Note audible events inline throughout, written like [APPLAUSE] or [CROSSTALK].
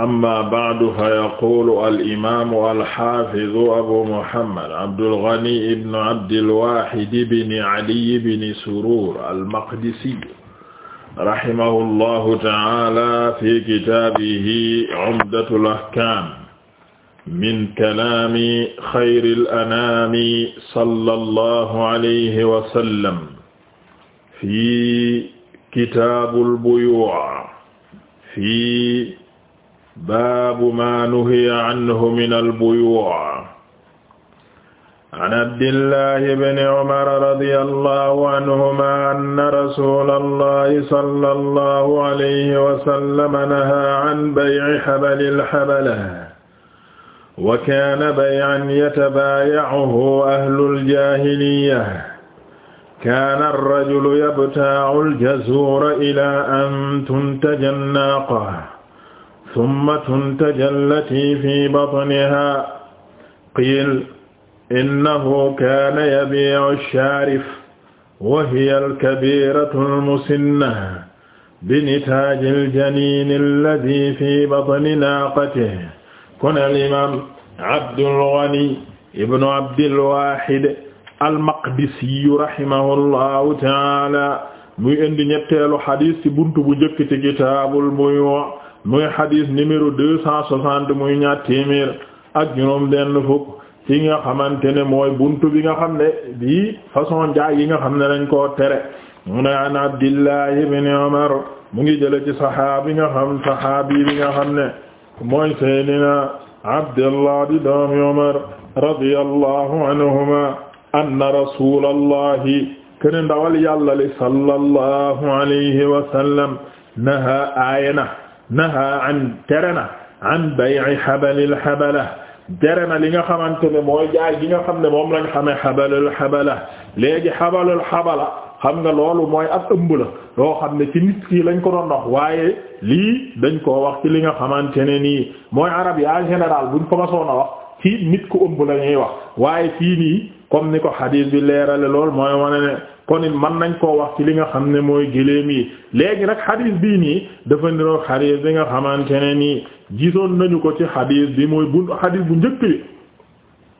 amma ba'du fa yaqulu al'imaamu alxaafidu abu muhammad abdulghani ibn abdilwaahid ibn ali ibn surur almaqdisi rahimahullahu ta'aala fi kitaabihi umdatul ahkaam min kalaami xayril anaami sallallahu alayhi wa sallam fi kitaabul buyuu' fi baabu maa nuhiya anhu min al-buyu' an abdillahi bni umar radiyallahu anhuma anna rasulallahi sallallahu alayhi wa sallam nahaa an bay'i habalil habala wa kaana bay'an yatabaayacuhu ahlul jaahiliyya kaana ar-rajulu yabtaa'u al-jazuura ilaa an tuntaja an-naaqa summatun tajallati fi batniha qiil innahu kaana yabii'u shaarif wa hiya alkabiratu almusinna binitaaji aljaniini alladi fi batni naaqatihi kon alimam abdulghani ibnu abdilwahid almaqdisiyu rahimahu allahu taala muy indi ñetteelu xadis ci buntu bu njëkk ci kitaabul buyuu' muy xadis numéro deux cent soixante muy ñaar téeméer ak juróom benn fukk ci nga xamante ne mooy buntu bi nga xam ne bii façon jaay yi nga xam ne dañ koo tere mu an Abdillah ibn Umar mu ngi jële ci saxaabi nga xam saxaabi bi nga xam ne mooy Seydina Abdullah di doomi Umar radiyallahu anhuma anna rasulallahi kene ndawal yàlla li sallallahu alayhi wa sallam naha aayana naha an tere na an bay'i xabalil xabala tere na li nga xamante ne mooy jaay gi nga xam ne moom lañ xamee xabalul xabala léegi xabalul xabala xam nga loolu mooy ab ëmb loo xam ne ci nit ki lañ ko doon wax waaye lii dañ ko wax ci li nga xamante ne nii mooy arab yi en général buñ ko masoon a wax ci nit ku ëmb la ñuy wax waaye fii comme ni ko xadiis bi leerale lool mooy wane ne kon nañ koo wax ci li nga xam ne mooy géléem yi léegi nag xadiis bii nii dafa niroog bi nga xamante ne nii gisoon nañu ko ci xadiis bi mooy buntu xadiis bu njëkk bi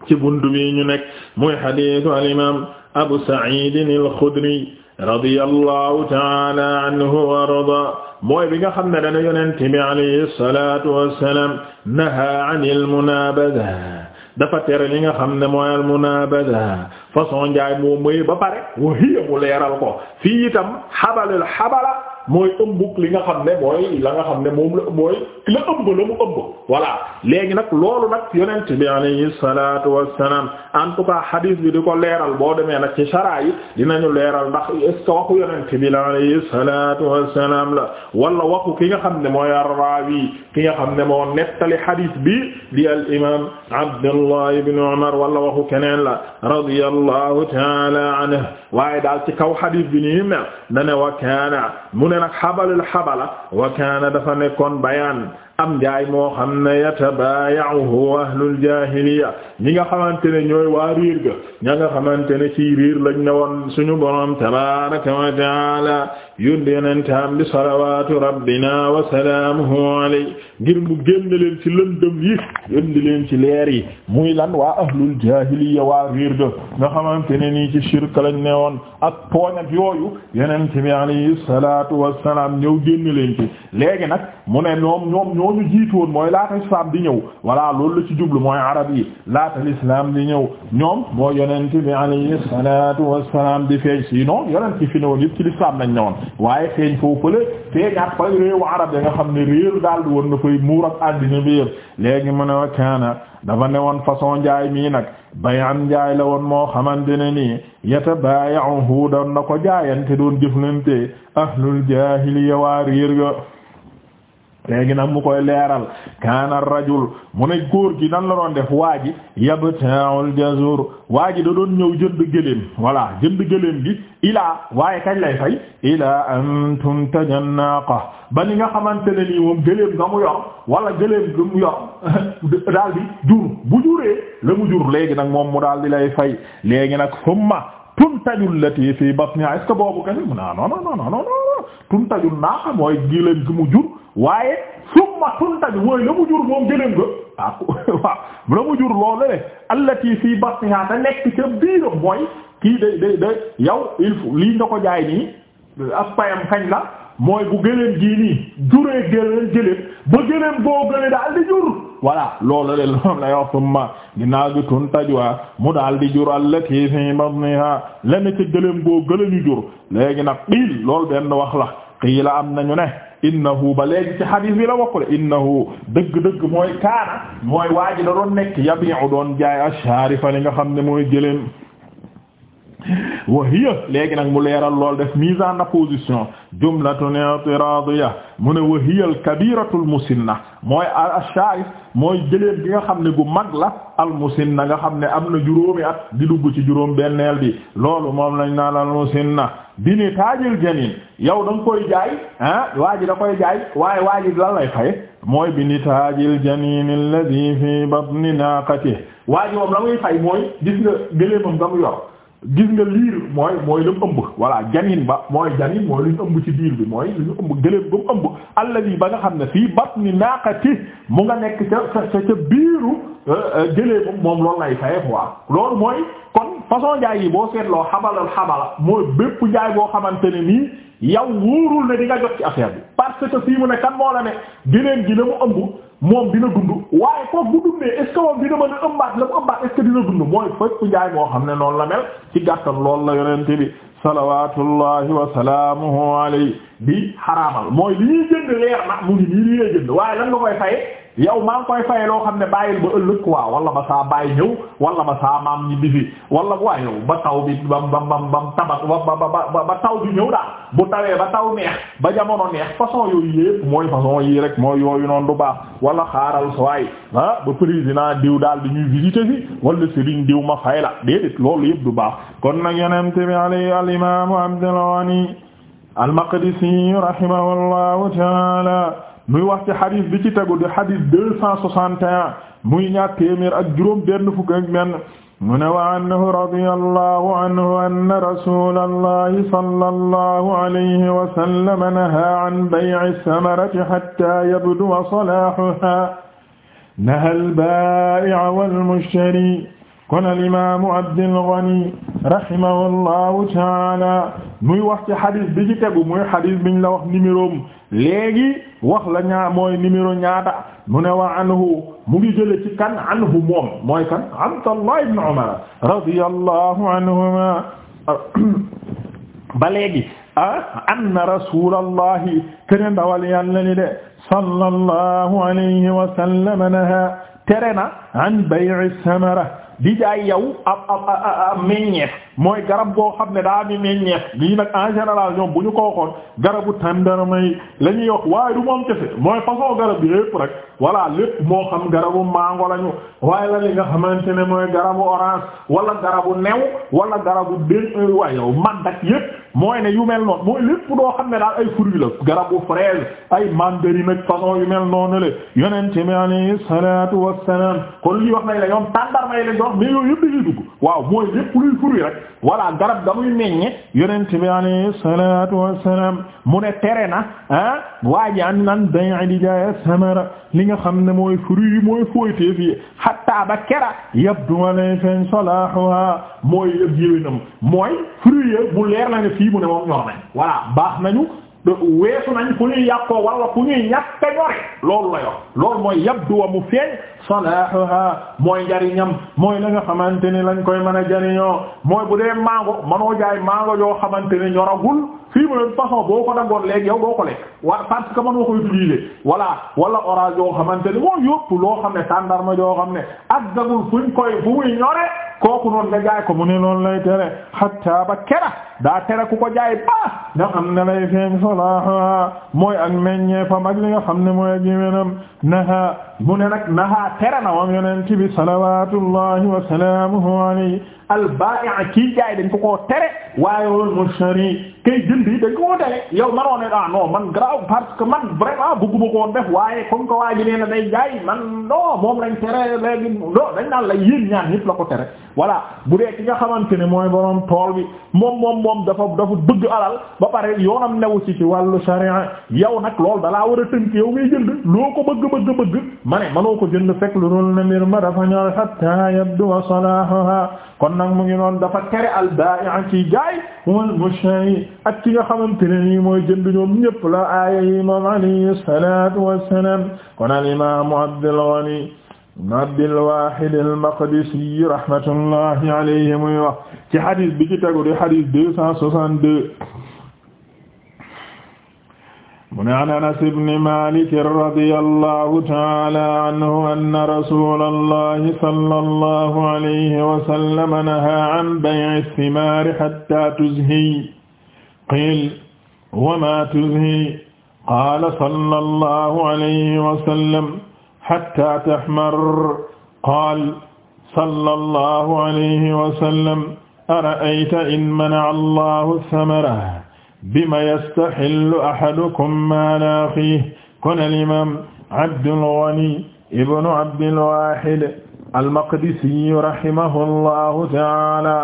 ci buntu bi ñu nekk mooy xadiisu al imaam Abu Sa'iid al-Xudri radiyallahu taala anhu wa arda mooy bi nga xam ne dana yonent bi alayhi salaatu wassalaam naha anil munaabada dafa tere li nga xam ne mooy al munabada façon njaay moo moy ba pare wa hiya mu leeral ko fii itam xabalul xabala mooy ëmbug li nga xam ne mooy la nga xam ne moom la mooy la ëmb la mu ëmb voilà léegi nag loolu nag yonent bi alayhi salaatu wassalaam en tout cas hadith bi di ko leeral boo demee nag ci sharaa yi dinañu leeral ndax est-ce que waxu yonent bi la alayhi salaatu wassalaam la wala waxu ki nga xam ne mooy arraawi ki nga xam ne moo nettali hadith bi di al imaam Abdullah ibn Umar wala waxu keneen la radiyallahu ta'ala anhu waaye daal ci kaw hadith bi ni mel dane wa kaana ne nag xabalul xabala wa kaana dafa nekkoon bayaan am jaay moo xam ne yatabaaya'uhu ahlul jaahiliya ñi nga xamante ne ñooy waa riir ga ña nga xamante ne ci riir lañ ne woon suñu borom tabaaraka wa ta'aala yónni yonentam bi salawaatu rabbina wa salaamuhu alayhi ngir mu génne leen ci lëndëm leen ci leer yi muy lan waa ahlul jaahiliya waa riir ga nga xamante ne nii ci shirk lañ ne woon ak tooñ ak yooyu yonent bi alayhi salaatu wa salaam ñëw génne leen ci léegi nag mu ne ñoom ñoom ñooñu jiitu woon mooy laata islam di ñëw voilà loolu la ci jublu mooy arab yi laata l'islam di ñëw ñoom moo yonent bi alayhi salatu wassalam di feeñ sinon yonent ci fi ne woon yëpp ci l'islam nañ ne woon waaye feeñ foofu fële feeñaat arab ya nga xam ne réer daal di woon na fay muur ak àddina bi yëpp léegi mu ne wa kaana dafa ne woon façon njaay mii nag bayan njaay la woon moo xamante ne nii yatabaaya'uhu doon na ko jaayante doon jëflante ahlul jaahiliya waa réer ga léegi nag mu koy leeral kaana rajul mu ne góor gi nan la doon def waa ji yabta'ul jazur waa ji da doon ñëw jënd gëléem voilà jënd gëléem gi ilaa waaye kañ lay fay ilaa an tuntaja naaqa ba ni nga xamante ne nii moom gëléem nga mu yor wala gëléem nga mu yor [LAUGHS] daal jur bu juree la mu jur léegi nag moom mu daal di lay fay léegi nag summa tuntajul lati fii batniha est-ce que boobu mu ne ah non non non non non tuntajul naaqa mooy gëléem mu jur waaye summa tuntaju mooy la mu jur moom gëléem nga ah [LAUGHS] waaw la mu jur loolu le allati fii batniha te nekk ca biiram mooy kii day day day yow il faut lii nga ko jaay nii ak payam kañ la mooy bu gëléem gii nii juree gëléem gëléem ba gëléem boo gële daal di jur voilà loolu le loolu la yow summa ginnaaw gi tuntaju mu daal di jur allati fii batniha la ne ca gëléem boo gële ñu jur léegi nag qiil loolu benn wax la qiila am nañu ne innahu ba léegi ci hadis bi la wokkule innahu dëgg-dëgg mooy kaana mooy waa ji da doon nekk yabi'u doon jaay asharifa li nga xam ne mooy gëléem wa hiya léegi nag mu leeral lool def mise en opposition jumlatun i'tiradiya mu ne wa hiya al kabiratul musinna mooy asharif mooy jëleen bi nga xam ne gu mag la al musinna nga xam ne am na juróomi at di dugg ci juróom benneel bi loolu moom lañ naan al musinna bi ni taajil janin yow da nga koy jaay ah waa ji da koy waaye waa ji lan lay faye mooy bi ni taajil janin alladhi fi batni naqatihi waa ji moom la muy fay mooy gis nga gëléemam nga mu yor gis nga liir mooy mooy lu mu ëmb voilà janin ba mooy janin mooy lu ñu ëmb ci biir bi mooy lu ñu ëmb gëléem ba mu ëmb alladi ba nga xam ne fii batni naaqati mu nga nekk ca ca ca biiru euh, euh, gëléem moom loolu lay faye quoi loolu mooy kon façon jaay yi boo seetloo xabalal xabala mooy bépp jaay boo xamante ne nii yow wóorul ne di nga jot ci affaire bi parce que fii mu ne kan moo la ne gëléem gi la mu ëmb moom dina dund waaye foofu bu dundee est ce moom dina mën a ëmbaat la mu ëmbaat est ce que dina dund mooy fëpp njaay moo xam ne noonu la mel ci gàttal loolu la yonente bi salawatullahi wa salaamuhu alayhi bi xaraamal mooy li ñuy jënd leer la mu ngi nii li ngay jënd waaye lan nga koy faye yow maa ngi koy fay loo xam ne bàyyil ba ëllëg quoi wala ba saa bàyyi ñëw wala ba saa maam ñi bifi wala waa yow ba taw bi ba ba ba ba taw bi ñëw daal bu tawee ba taw neex ba jamono neex façon yooyu yépp mooy façon yii rek mooy yooyu noonu du baax wala xaaral sawaay ah ba président diw daal di ñuy visiter fi wala Serigne diw ma fay la déedéet loolu yépp du baax kon nag yeneen bi alayhi al imam Abdul Ghani al Maqdisi rahimahullahu ta'ala muy wax ci xadis bi ci tegu di xadis deux cent soixante et un muy ñaar téeméer ak juróom benn fukk ak benn mu ne wa anhu radiyallahu anhu anna rasulallahi sallallahu alayhi wa sallam naha an bay'i samarati hatta yabduwa salahuha naha al-ba'i'a wal mushtari kon alimamu Abdul Ghani rahimahullahu taala muy wax ci xadis bi ci tegu muy xadis biñ la wax numérom léegi wax la ñaa mooy numéro ñaata mu ne wa anhu mu ngi ci kan anhu moom mooy kan Abdallah ibn Umar radiyallahu anhuma ba léegi ah anna rasulallahi kene ndawal yàlla li de sallallahu alayhi wa sallam naha tere na an bay'i samara di jaay yow ab ab ab meññeef mooy garab goo xam ne daa mi meññeef di nag en général ñoom bu ñu ko waxoon garabu tàndarma yi la ñuy wax waaye du moom kese mooy façon garab yépp rek voilà lépp moo xam garabu mango lañu waaye la li nga xamante ne mooy garabu orange wala garabu new wala garabu benn waaye yow mandak yépp mooy ne yu mel noonu mooy lépp doo xam ne daal ay fruits la garabu fraise ay mandarine ak façon yu mel noonu le yonent bi alayhi kon lii wax nañ la ñoom tàndarmay la jox mais yooyu yëpp dañuy dugg waaw mooy lépp luy fruit rek voilà garab ga muy meññe yonent bi mu ne na ah waa an nan bay'i di jaay samara li nga xam ne mooy fruit yi mooy fooytee fii hatta ba kera yabdu walay feeñ salaahuha mooy yëpp yéwénam mooy fruit yi bu leer na ne fii mu ne moom ñor nañ voilà baax nañu weesu nañ fu ñuy yàqoo wala fu ñuy ñàkk ñore loolu la yor loolu mooy yabdu mu feeñ salahuha mooy njariñam mooy la nga xamante ni lañ koy mën a jariñoo mooy bu dee mango manoo jaay mango yoo xamante ne ñoragul fii mu ne façon boo ko dagoon léegi yow doo ko lekk wa parce que mënoo ko utiliser voilà wala orange yoo xamante ni moo yópp loo xam ne tàndarma joo xam ne ak dagul fuñ koy fu muy ñore kooku noonu nga jaay ko mu ne loolu lay tere hatta ba kera daa tere ku ko jaay ba nga xam ne lay feeñ salaha mooy ak meññee fa mag ne mooy ak yiménam naha mu tere na moom yonent bi salawaatullahi wa salaamuhu alayhi al baa'i'a kii jaay dañ ko koo tere waaye wal mushtari kay jënd yi dañ ko koo tere yow manoo ne daa ah non man grave parce que man vraiment bëgguma koo def waaye comme que waa ji nee na day man non moom lañ tere léegi non dañ naan la yéen ñaan ñëpp la ko tere voilà bu dee ki nga xamante ne mooy borom tool bi moom moom moom dafa dafa bëgg alal ba pare yoonam newu ci ci wàllu sharia yow nag loolu dalaa war a tënk yow ngay jënd loo ko bëgg bëgg bëgg ma ne manoo ko jënd fekk lu nag mu ngi noonu dafa tere al baa'i'a ci jaay wal mushtari ak ki nga xamante ne nii mooy jënd ñoom ñëpp la aaya yi moom alayhi salaatu wassalaam kon al imaamu Abdul Ghani Abdul Waahid al-Maqdisi rahmatullahi alayhi muy wax ci hadith bi ci tegu di hadith deux cent soixante-deux mu ne an anas ibni malik radiyallahu taala anhu anna rasulallahi sallallahu alayhi wa sallam nahaa an bay'i thimaari hatta tuzhi qiil wa maa tuzhi qaala sallallahu alayhi wa sallam hatta tahmar qaal sallallahu alayhi wa sallam ara'ayta in mana'a allahu thamara bima yastaxillu ahadukum maala axiihi kon al-imaam Abdul Ghani ibnu Abdil Waahid al-Maqdisi rahimahullahu ta'aala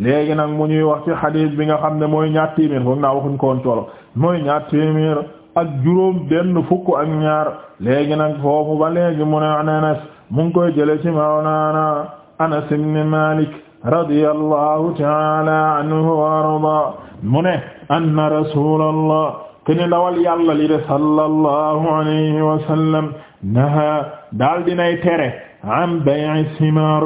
léegi nag mu ñuy wax ci xadiis bi nga xam ne mooy ñaar téeméer foog naa waxuñ ko woon toolo mooy ñaar téeméer ak juróom benn fukk ak ñaar léegi nag foofu ba léegi mu ne Anas mu ngi koy jële ci mawlaana Anas ibn Maalik radiyallahu ta'aala anhu wa ardaa mu ne anna rasulallah kene ndawal yàlla li de sallallahu alayhi wa sallam naha daal dinay tere am bay'i simar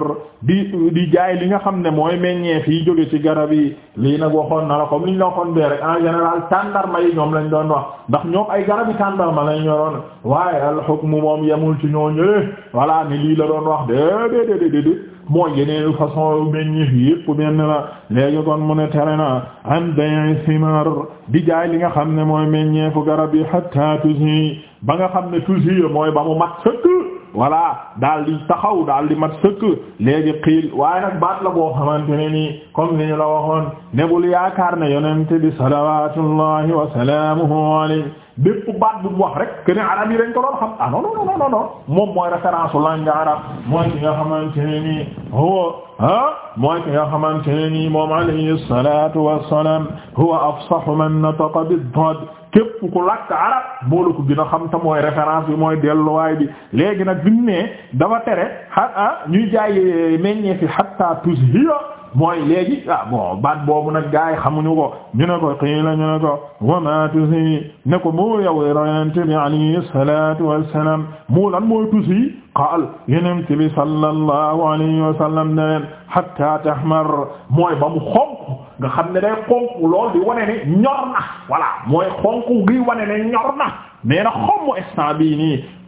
di di jaay li nga xam ne mooy meññee fii jóge ci garab yi lii nag waxoon na la comme li ñu la waxoon bee rek en général tàndarma yi ñoom lañ doon wax ndax ñoom ay garab yi tàndarma lañ yoroon waaye al hukmu moom yemul ci ñoo ñëwee voilà lii la doon wax déedéedéedéedéet mooy yeneen façon meññeef yépp benn la léegi kon mu ne tere na an bay'i thimar di jaay li nga xam ne mooy meññeefu garab yi hatta tusi ba nga xam ne tusi mooy ba mu mat sëkk voilà daal di taxaw daal di mat sëkk léegi xiil waaye nag baat la boo xamante ne nii comme ni ñu la waxoon nebul yaakaar ne yonente bi salawatullahi wa salaamuhu alayhi bépp baat bu wax rek que ne arab yi dañ ko doon xam ah non non non moom mooy référence u langue arab mooy ki nga xamante ne nii huwa ah mooy nga xamante ne nii moom alayhi salatu wassalam huwa afsahu man nataqa bid-dad képp ku làkk arab moo la ko gën a xam te mooy référence bi mooy delluwaay bi léegi nag bi mu ne dafa tere ah ñuy jaay meññee fi hatta tuzhiya mooy léegi ah baat boobu nag gaay xamuñu ko ñu ne ko qiila ñu ne ko wa ma tusi ne ko moo yow yonent bi alayhi salatu wassalam mu lan mooy tusi qaal yonent bi sallallahu alayhi wa ne leen hatta tahmar mooy ba mu xonq nga xam ne day xonq lool di wane ne ñor na mooy xonq gi wane ne ñor na nee na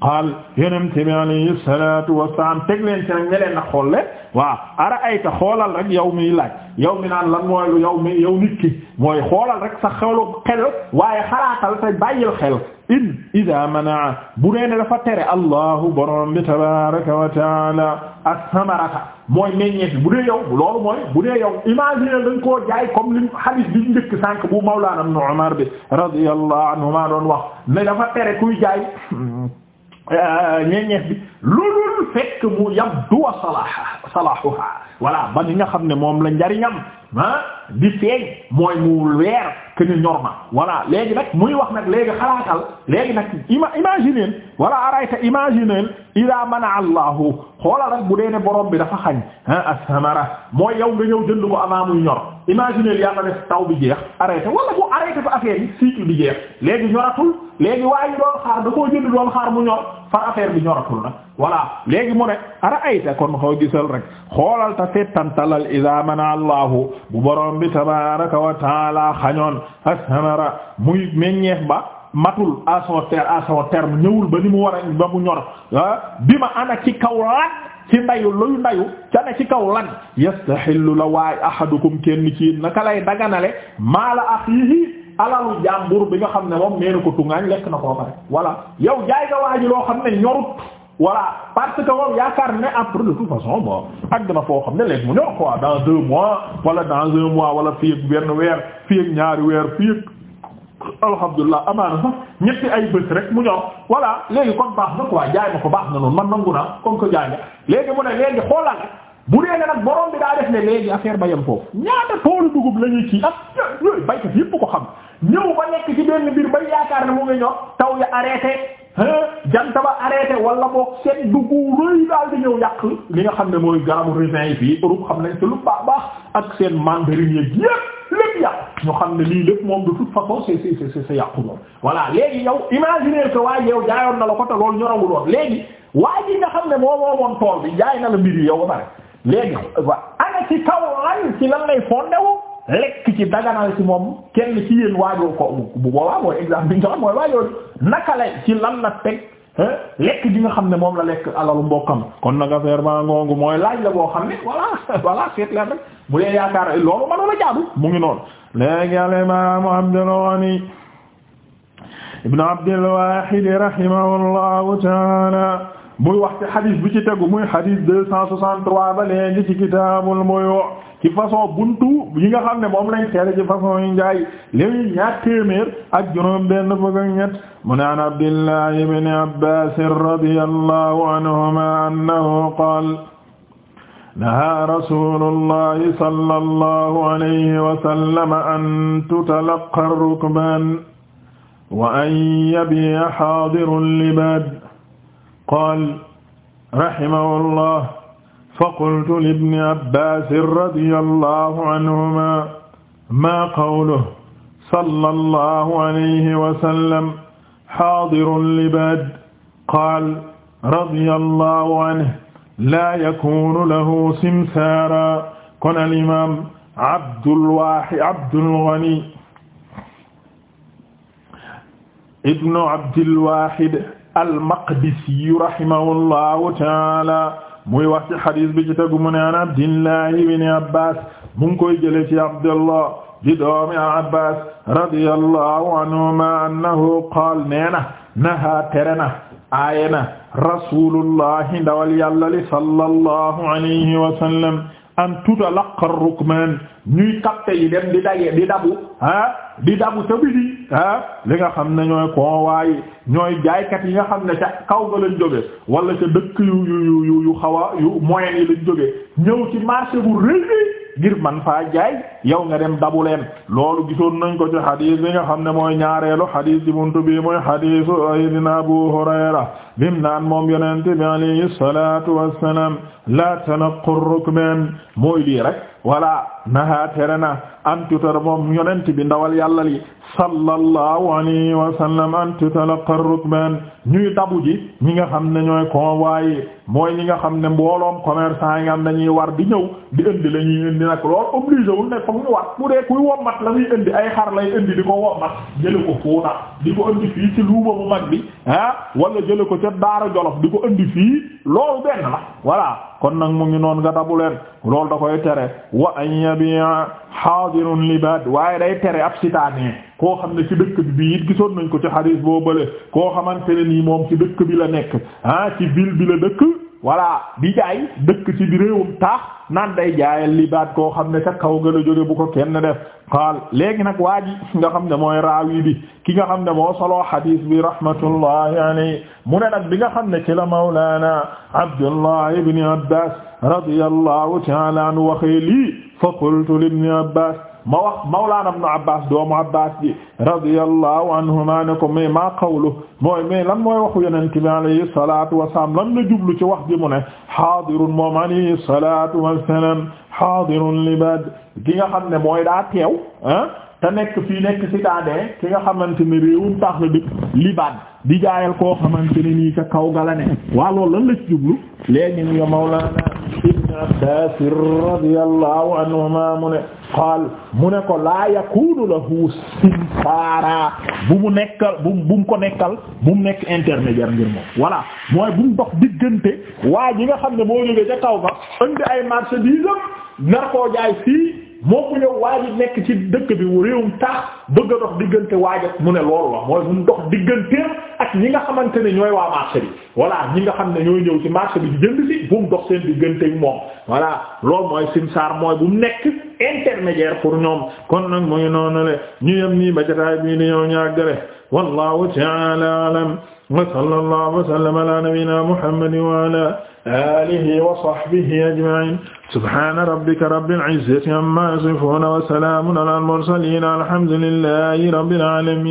qaal yonent bi alayhi salaatu wassalaam teg leen ci nag ne leen a xool leen waaw ara ayta xoolal rek yow miy laaj yow mi naan lan mooy yow mi yow nit ki mooy xoolal rek sa xelu xel waaye xalaatal te bàyyil xel in ida manaa bu nee ne dafa tere allahu borom bi tabaraka wa taala as-samarata mooy meññeef bu dee yow loolu mooy bu dee yow imagine dañ koo jaay comme li hadith bi njëkk sànk bu mawlaana ibn Umar bi radiyallahu anhuma doon wax ne dafa tere kuy jaay Euh, ñeñeef bi loolul fekk mu yabduwa salaaha salaahuha voilà ba ni nga xam ne moom la njariñam ah di feeñ mooy mu leer que ni ñor na voilà léegi nag muy wax nag léegi xalaatal léegi nag ima imaginer wala arayta imaginer ida mana allahu xoolal rek bu dee ne borom bi dafa xañ ah as mooy yow nga ñëw jënd ko avant muy ñor imaginer yàlla def taw bi jeex arrêté wala bu arrêté ba affaire yi bi jeex léegi ñoratul léegi waaye doon xaar da koo jënd doon xaar mu ñor. far affaire bi ñoratul nag voilà léegi mu ne ara ayta kon xaw gisal rek xoolal ta settantalal iza mana allahu bu borom bi tabaraka wa taala xañoon as-samara muy meññeef ba matul à son ter à son terme ñëwul ba ni mu war a ba mu ñor bi ma ana ci kaw lan ci ndayu luy ndayu ca ne ci kaw lan yastaxillu la waaye ahadukum kenn ci naka lay daganale maala axiihi alalu jàmbur bi nga xam ne moom nee na ko tungaañ lekk na koo pare voilà yow jaay nga waaji loo xam ne ñorut voilà parce que moom yaakaar ne après de toute façon bon àgg na foo xam ne léegi mu ñor quoi dans deux mois wala dans un mois wala fii ak weer fii ak ñaari weer fii ak alhamdulilah ay bés rek mu ñor voilà léegi kon baax na quoi jaay ma ko baax na noonu man nangu naa comme que jaay nga léegi mu ne léegi xoolal bu dee ne nag borom bi daa def ne léegi affaire ba yem foofu ñaata toolu dugub la ñuy kii ak yooyu baykat yëpp ko xam. ñëw ba nekk ci benn mbir bay yaakaar ne mu ngi ñor taw ya arrêté jant ba arrêté wala boog seen dugg rëy daal di ñëw yàq li nga xam ne mooy garabu raisin yi fii Europe xam nañ te lu baax baax ak seen xam ne lii lépp moom de toute façon c'est c'est c'est c'est yàqu lool voilà léegi yow imaginer que waaye yow jaayoon na la ko te loolu ñorawu lool léegi waa nga xam ne moo moomoon tool bi jaay na la mbir yi yow ba pare léegi ana ci kaw lan ci lan lay fondewu lekk ci daganal ci moom kenn ci yéen waajoo bu boobaa mooy exemple bi ñu ci lan la teg lekk gi nga xam ne moom la lekk alalu mbokkam kon nag affaire baa ngoongu mooy laaj la boo xam ne voilà [LAUGHS] voilà seet leen rek yaakaar loolu mu ngi noonu léegi al imaamu Abdul Ghani ibn Abdul Wahid rahimahullahu taala muy wax ci xadiis bi ci tegu muy xadiis deux cent soixante-trois ba léegi ci kitaabul buyu' ci façon buntu yi nga xam ne moom lañ xeere ci façon yi njaay léegi ñaar téeméer ak juróom benn fukk ak ñett mu ne an Abdillah ibn Abbas radiyallahu anhuma annahu qaala nahaa rasuulullahi sallallahu alayhi wa sallam an tutalaqqa ar-rukbaan wa an yabii'a haadirul libaad qaala rahimahullah faqultu libni abbaasin radiyallahu anhumaa maa qawluhu sallallahu alayhi wa sallam haadirun libaad qaala radiyallahu anhu laa yakuunu lahu simsaaran kon al-imaam Abdul Waahid Abdul Ghani ibnu Abdil Waahid al-Maqdisi rahimahullahu ta'aala muy wax ci xadiis bi ci tegu mu ne an abdillahi ibn abbas mu ngi koy jële ci abdullah di doomi abbas radiyallahu anhuma annahu qaal nee na naha tere na aaye na rasulullahi ndawal yàlla li sallallahu alayhi wa sallam an tutalaqa rukman ñuy kappe yi dem di daje di dabu ah di dabu ca biti ah li nga xam ne ñooy convois ñooy jaaykat yi nga xam ne ca kaw ga lañ jóge wala ca dëkk yu yu yu yu xaw a yu moyen yi lañ jóge ñëw ci marché bu rëy ngir man faa jaay yow nga dem dabu leen loolu gisoon nañ ko ci xadis bi nga xam ne mooy ñaareelu xadis ci buntu bi mooy xadisu sayyidina Abu Hurayra bim naan moom yonente bi alayhi salatu wassalam la tanaqu rukban mooy lii rek wala naha tere na an tutar moom yonente bi ndawal yàlla li sallallahu alayhi wa sallam an tutalaqa rukban ñuy tabu ji ñi nga xam ne ñooy convois waaye mooy ñi nga xam ne mbooloom commerçant yi nga xam dañuy war di ñëw di indi la ñuy indi nag lool obligé wul ne foog ñu war bu dee kuy wommat la muy indi ay xar lay indi di ko wommat jële ko Fuuta di ko indi fii ci luuma bu mag bi ah wala jële ko ca Daara Jolof di ko indi fii loolu benn la voilà kon nag mu ngi noon nga dabu leen loolu da koy tere wa an yabi'a hadirun libad waaye day tere ab yi koo xam ne ci dëkk bi bii it gisoon nañ ko ci xadiis boo bële koo xamante ne nii moom ci dëkk bi la nekk ah ci ville bi la dëkk voilà di jaay dëkk ci bi tax taax naan day jaayal li baat koo xam ne ca kaw nga la jóge ko kenn def xaal léegi nag waa ji nga xam ne mooy raawi bi ki nga xam ne moo soloo xadiis bi rahmatullahi alayhi mu ne nag bi nga xam ne ci la mawlaana abdullah ibni abbas radiyallahu ta'ala anhu waxee lii fa qultu libni abbas ma wax mawlaana ibnu Abbaas doomu Abbaas ji radiyallahu anhuma ne ko mais maa qawlu mooy mais lan mooy waxu yonent bi alayhi salaatu wa salaam lan la jublu ci wax ji mu ne xaadirun moom alayhi salaatu wa salaam xaadirun libad ki nga xam ne mooy daa teew ah te nekk fii nekk citadin ki nga xamante ne réewum tax la di libad di jaayal koo xamante ne nii ca kaw gala ne waa loolu lan la ci jublu léegi ibni abbaas radiyallahu anhuma mu ne qaal mu ne ko laa yakunu lahu simsaara bu mu nekkal bu mu ko nekkal bu mu nekk intermédiaire ngir moom voilà mooy bu mu dox diggante waa yi nga xam ne moo jógee ca kaw ba indi ay marchandise nar koo jaay fii moo ko ñëw waa nekk ci dëkk bi réewum tax bëgg dox diggante waajal mu ne loolu la mooy bu mu dox diggante ak ñi nga xamante ne ñooy waa marché bi voilà ñi nga xam ne ñooy ñëw ci marché bi di jënd si bu mu dox seen diggante ak moom voilà loolu mooy simsaar mooy bu mu nekk intermédiaire pour ñoom kon nag mu ngi noonu le ñu yem nii ba jotaay bii di ñëw ñàggale wallahu ta'ala alam wa sallallahu wa sallama ala nabiyyina muhammadin wa ala alihi wa sahbihi ajma'in subhana rabbika rabbil izzati amma yasifun wa salamun ala al mursalin alhamdulillahi rabbil alamin